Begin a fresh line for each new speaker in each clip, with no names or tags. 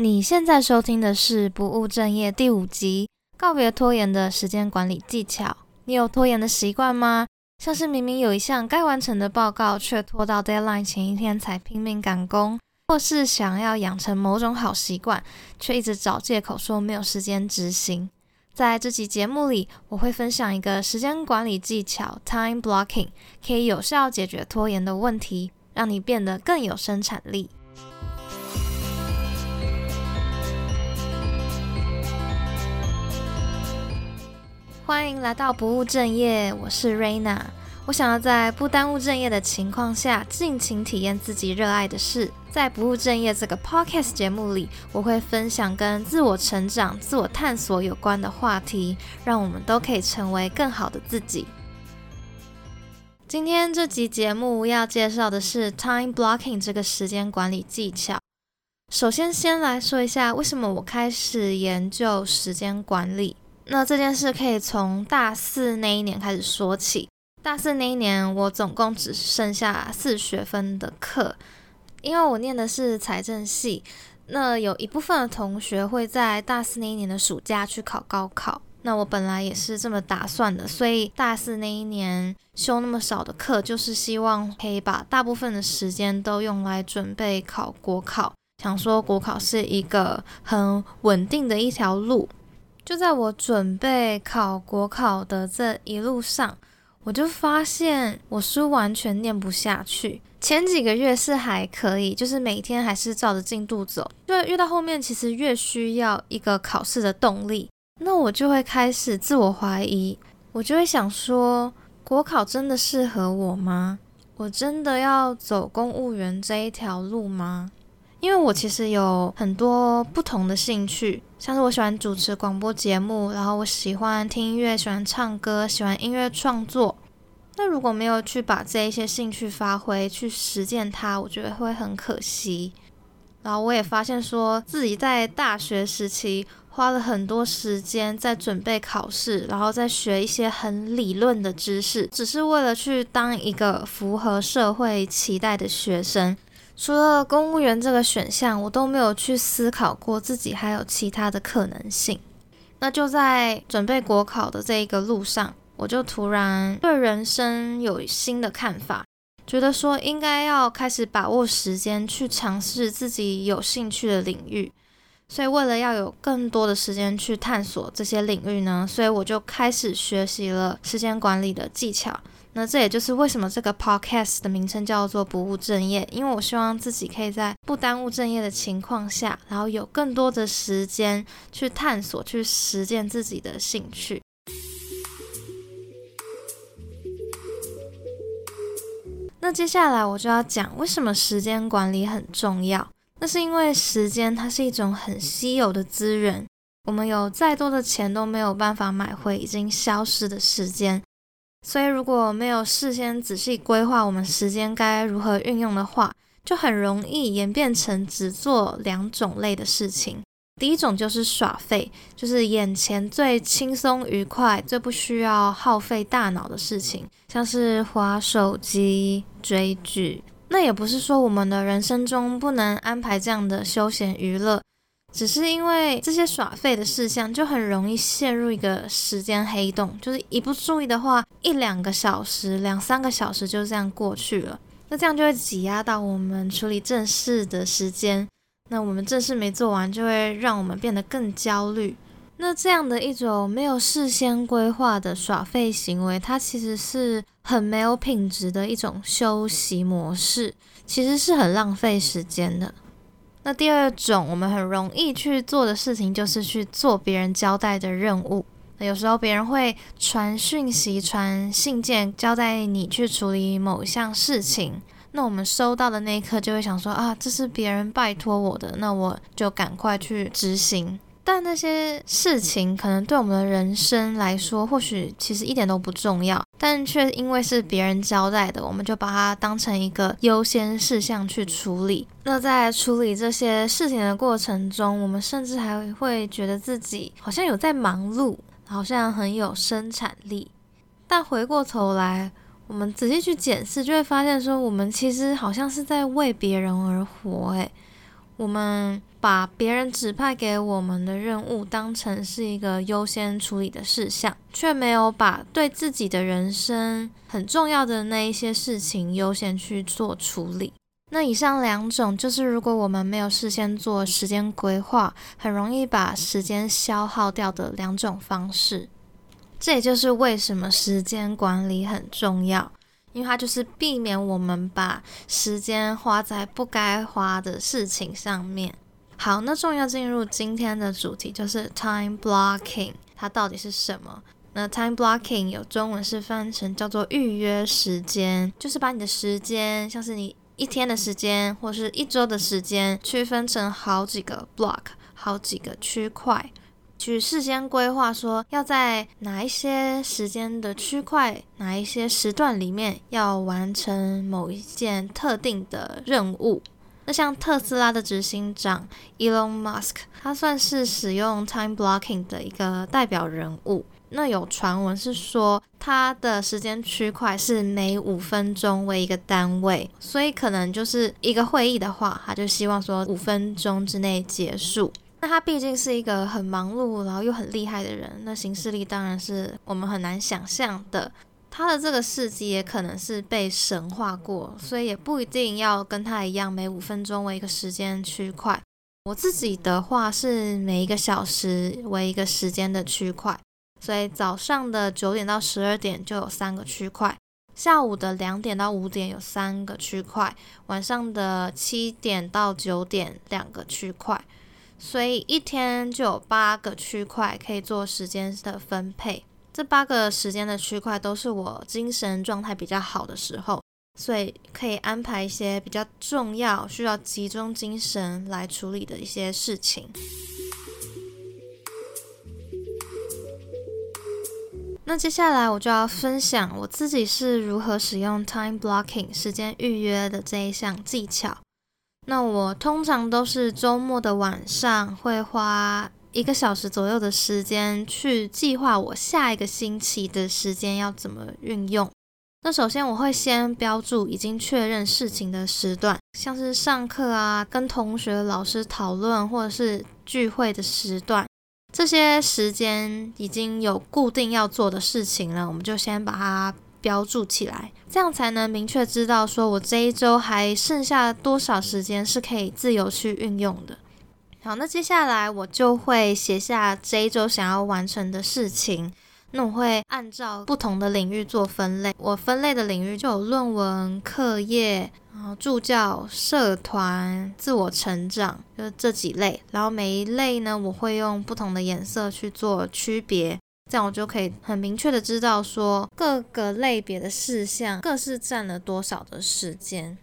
你現在收聽的是《不務正業》第五集《告別拖延的時間管理技巧》。你有拖延的習慣嗎？像是明明有一項該完成的報告，卻拖到 deadline 前一天才拼命趕工，或是想要養成某種好習慣，卻一直找借口說沒有時間執行。在這集節目裡，我會分享一個時間管理技巧，Time Blocking，可以有效解決拖延的問題，讓你變得更有生產力。歡迎來到不務正業，我是瑞娜。我想要在不耽誤正業的情況下，盡情體驗自己熱愛的事。在不務正業這個 podcast 節目裡，我會分享跟自我成長、自我探索有關的話題，讓我們都可以成為更好的自己。今天這集節目要介紹的是 time blocking 這個時間管理技巧。首先，先來說一下為什麼我開始研究時間管理。那這件事可以從大四那一年開始說起。大四那一年，我總共只剩下四學分的課，因為我念的是財政系。那有一部分的同學會在大四那一年的暑假去考高考，那我本來也是這麼打算的。所以大四那一年修那麼少的課，就是希望可以把大部分的時間都用來準備考國考，想說國考是一個很穩定的一條路。就在我準備考國考的這一路上，我就發現我書完全念不下去。前幾個月是還可以，就是每天還是照着進度走。就越到後面，其實越需要一個考試的動力，那我就會開始自我懷疑，我就會想說：國考真的適合我嗎？我真的要走公務員這一條路嗎？因為我其實有很多不同的興趣，像是我喜歡主持廣播節目，然後我喜歡聽音樂、喜歡唱歌、喜歡音樂創作。那如果沒有去把這一些興趣發揮、去實踐它，我覺得會很可惜。然後我也發現說自己在大學時期花了很多時間在準備考試，然後在學一些很理論的知識，只是為了去當一個符合社會期待的學生。除了公務員這個選項，我都沒有去思考過自己還有其他的可能性。那就在準備國考的這一個路上，我就突然對人生有新的看法，覺得說應該要開始把握時間去嘗試自己有興趣的領域。所以為了要有更多的時間去探索這些領域呢，所以我就開始學習了時間管理的技巧。那這也就是為什麼這個 podcast 的名稱叫做“不務正業”，因為我希望自己可以在不耽誤正業的情況下，然後有更多的時間去探索、去實踐自己的興趣。那接下來我就要講為什麼時間管理很重要。那是因為時間它是一種很稀有的資源，我們有再多的錢都沒有辦法買回已經消失的時間。所以，如果沒有事先仔細規劃我們時間該如何運用的話，就很容易演變成只做兩種類的事情。第一種就是耍廢，就是眼前最輕鬆愉快、最不需要耗費大腦的事情，像是滑手機、追劇。那也不是說我們的人生中不能安排這樣的休閒娛樂。只是因為這些耍廢的事項，就很容易陷入一個時間黑洞，就是一不注意的話，一兩個小時、兩三個小時就這樣過去了。那這樣就會擠壓到我們處理正事的時間。那我們正事沒做完，就會讓我們變得更焦慮。那這樣的一種沒有事先規劃的耍廢行為，它其實是很沒有品質的一種休息模式，其實是很浪費時間的。那第二種，我們很容易去做的事情，就是去做別人交代的任務。有時候別人會傳訊息、傳信件，交代你去處理某項事情。那我們收到的那一刻，就會想說：啊，這是別人拜托我的，那我就趕快去執行。但那些事情，可能對我們的人生來說，或許其實一點都不重要。但卻因為是別人交代的，我們就把它當成一個優先事項去處理。那在處理這些事情的過程中，我們甚至還會覺得自己好像有在忙碌，好像很有生產力。但回過頭來，我們仔細去檢視，就會發現說，我們其實好像是在為別人而活。欸，哎，我們，把別人指派給我們的任務當成是一個優先處理的事項，卻沒有把對自己的人生很重要的那一些事情優先去做處理。那以上兩種就是如果我們沒有事先做時間規劃，很容易把時間消耗掉的兩種方式。這也就是為什麼時間管理很重要，因為它就是避免我們把時間花在不該花的事情上面。好，那終於要進入今天的主題，就是 time blocking，它到底是什麼？那 time blocking 有中文是翻成叫做預約時間，就是把你的時間，像是你一天的時間，或是一周的時間，區分成好幾個 block，好幾個區塊，去事先規劃，說要在哪一些時間的區塊，哪一些時段裡面，要完成某一件特定的任務。那像特斯拉的執行長 Elon Musk，他算是使用 time blocking 的一個代表人物。那有傳聞是說，他的時間區塊是每五分鐘為一個單位，所以可能就是一個會議的話，他就希望說五分鐘之內結束。那他畢竟是一個很忙碌，然後又很厲害的人，那行事曆當然是我們很難想象的。他的這個事蹟也可能是被神化過，所以也不一定要跟他一樣，每五分鐘為一個時間區塊。我自己的話是每一個小時為一個時間的區塊，所以早上的九點到十二點就有三個區塊，下午的兩點到五點有三個區塊，晚上的七點到九點兩個區塊，所以一天就有八個區塊可以做時間的分配。這八個時間的區塊都是我精神狀態比較好的時候，所以可以安排一些比較重要、需要集中精神來處理的一些事情。那接下來我就要分享我自己是如何使用 time blocking 時間預約的這一項技巧。那我通常都是週末的晚上會花一個小時左右的時間去計劃我下一個星期的時間要怎麼運用。那首先我會先標注已經確認事情的時段，像是上課啊、跟同學老師討論或者是聚會的時段。這些時間已經有固定要做的事情了，我們就先把它標注起來，這樣才能明確知道說我這一周還剩下多少時間是可以自由去運用的。好，那接下來我就會寫下這一周想要完成的事情。那我會按照不同的領域做分類。我分類的領域就有論文、課業，然後助教、社團、自我成長，就是這幾類。然後每一類呢，我會用不同的顏色去做區別，這樣我就可以很明確的知道說各個類別的事項各自佔了多少的時間。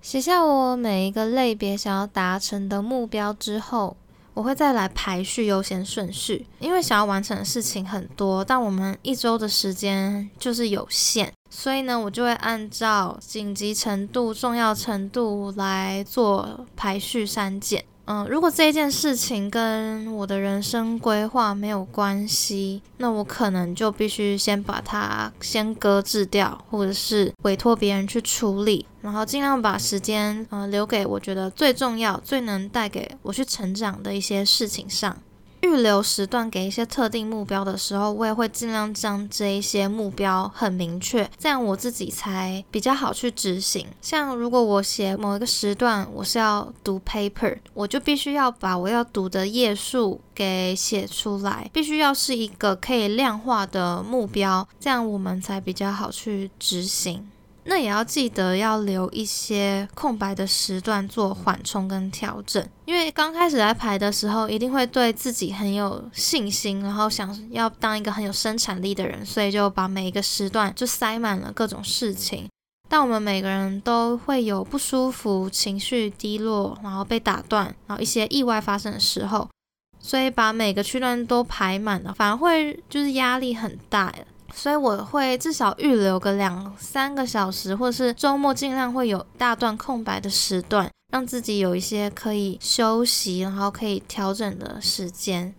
寫下我每一個類別想要達成的目標之後，我會再來排序優先順序。因為想要完成的事情很多，但我們一周的時間就是有限，所以呢，我就會按照緊急程度、重要程度來做排序刪減。嗯、呃，如果這件事情跟我的人生規劃沒有關係，那我可能就必須先把它先擱置掉，或者是委托別人去處理，然後盡量把時間呃留給我覺得最重要、最能帶給我去成長的一些事情上。預留時段給一些特定目標的時候，我也會盡量將這一些目標很明確，這樣我自己才比較好去執行。像如果我寫某一個時段，我是要讀 paper，我就必須要把我要讀的頁數給寫出來，必須要是一個可以量化的目標，這樣我們才比較好去執行。那也要記得要留一些空白的時段做緩衝跟調整，因為剛開始來排的時候，一定會對自己很有信心，然後想要當一個很有生產力的人，所以就把每一個時段就塞滿了各種事情。當我們每個人都會有不舒服、情緒低落，然後被打斷，然後一些意外發生的時候，所以把每個區段都排滿了，反而會就是壓力很大。所以我會至少預留個兩三個小時，或是周末盡量會有大段空白的時段，讓自己有一些可以休息，然後可以調整的時間。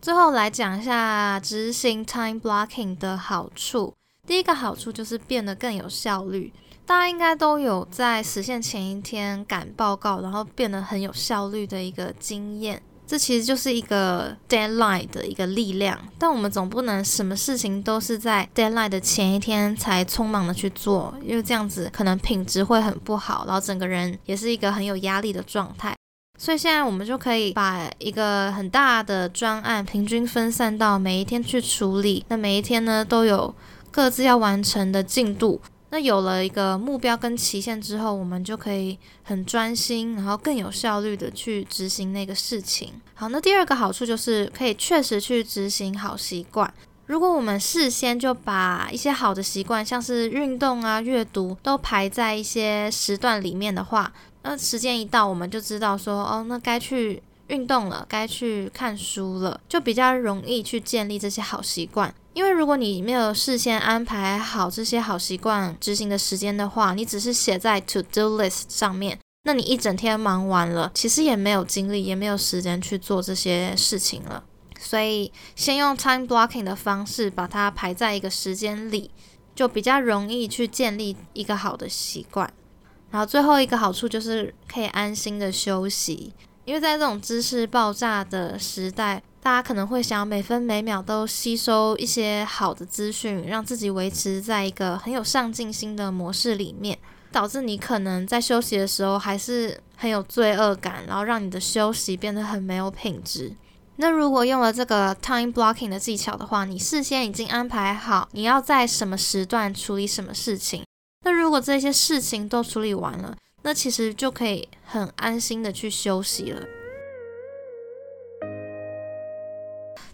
最後來講一下執行 time blocking 的好處。第一個好處就是變得更有效率。大家應該都有在時限前一天趕報告，然後變得很有效率的一個經驗。這其實就是一個 deadline 的一個力量，但我們總不能什麼事情都是在 deadline 的前一天才匆忙的去做，因為這樣子可能品質會很不好，然後整個人也是一個很有壓力的狀態。所以現在我們就可以把一個很大的專案平均分散到每一天去處理，那每一天呢都有各自要完成的進度。那有了一個目標跟期限之後，我們就可以很專心，然後更有效率的去執行那個事情。好，那第二個好處就是可以確實去執行好習慣。如果我們事先就把一些好的習慣，像是運動啊、閱讀，都排在一些時段裡面的話，那時間一到，我們就知道說，哦，那該去。運動了，該去看書了，就比較容易去建立這些好習慣。因為如果你沒有事先安排好這些好習慣執行的時間的話，你只是寫在 to do list 上面，那你一整天忙完了，其實也沒有精力，也沒有時間去做這些事情了。所以先用 time blocking 的方式把它排在一個時間裡，就比較容易去建立一個好的習慣。然後最後一個好處就是可以安心的休息。因為在這種知識爆炸的時代，大家可能會想要每分每秒都吸收一些好的資訊，讓自己維持在一個很有上進心的模式裡面，導致你可能在休息的時候還是很有罪惡感，然後讓你的休息變得很沒有品質。那如果用了這個 time blocking 的技巧的話，你事先已經安排好你要在什麼時段處理什麼事情，那如果這些事情都處理完了。那其實就可以很安心的去休息了。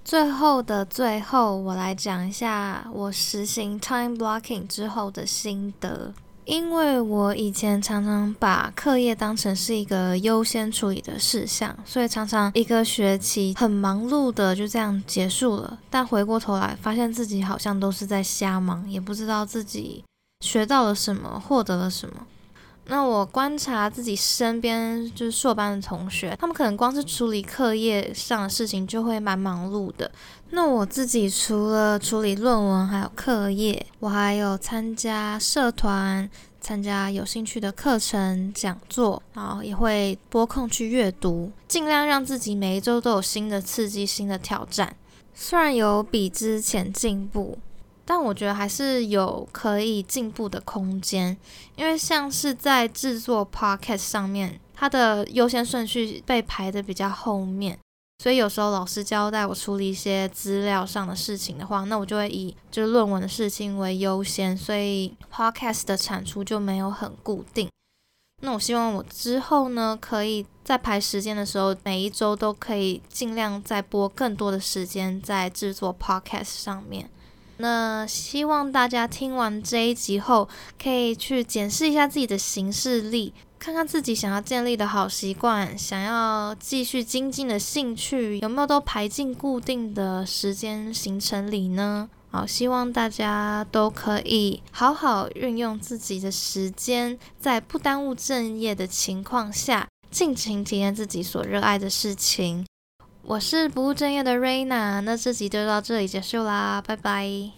最後的最後，我來講一下我實行 time blocking 之後的心得。因為我以前常常把課業當成是一個優先處理的事項，所以常常一個學期很忙碌的就這樣結束了。但回過頭來發現自己好像都是在瞎忙，也不知道自己學到了什麼，獲得了什麼。那我觀察自己身邊就是碩班的同學，他們可能光是處理課業上的事情就會蠻忙碌的。那我自己除了處理論文還有課業，我還有參加社團、參加有興趣的課程講座，然後也會撥空去閱讀，盡量讓自己每一週都有新的刺激、新的挑戰。雖然有比之前進步，但我覺得還是有可以進步的空間，因為像是在製作 Podcast 上面，它的優先順序被排的比較後面，所以有時候老師交代我處理一些資料上的事情的話，那我就會以就是論文的事情為優先，所以 Podcast 的產出就沒有很固定。那我希望我之後呢，可以在排時間的時候，每一周都可以盡量再撥更多的時間在製作 Podcast 上面。那希望大家聽完這一集後，可以去檢視一下自己的行事曆，看看自己想要建立的好習慣、想要繼續精進的興趣有沒有都排進固定的時間行程裡呢？好，希望大家都可以好好運用自己的時間，在不耽誤正業的情況下，盡情體驗自己所熱愛的事情。我是不務正業的瑞娜，那這集就到這裡結束啦，拜拜。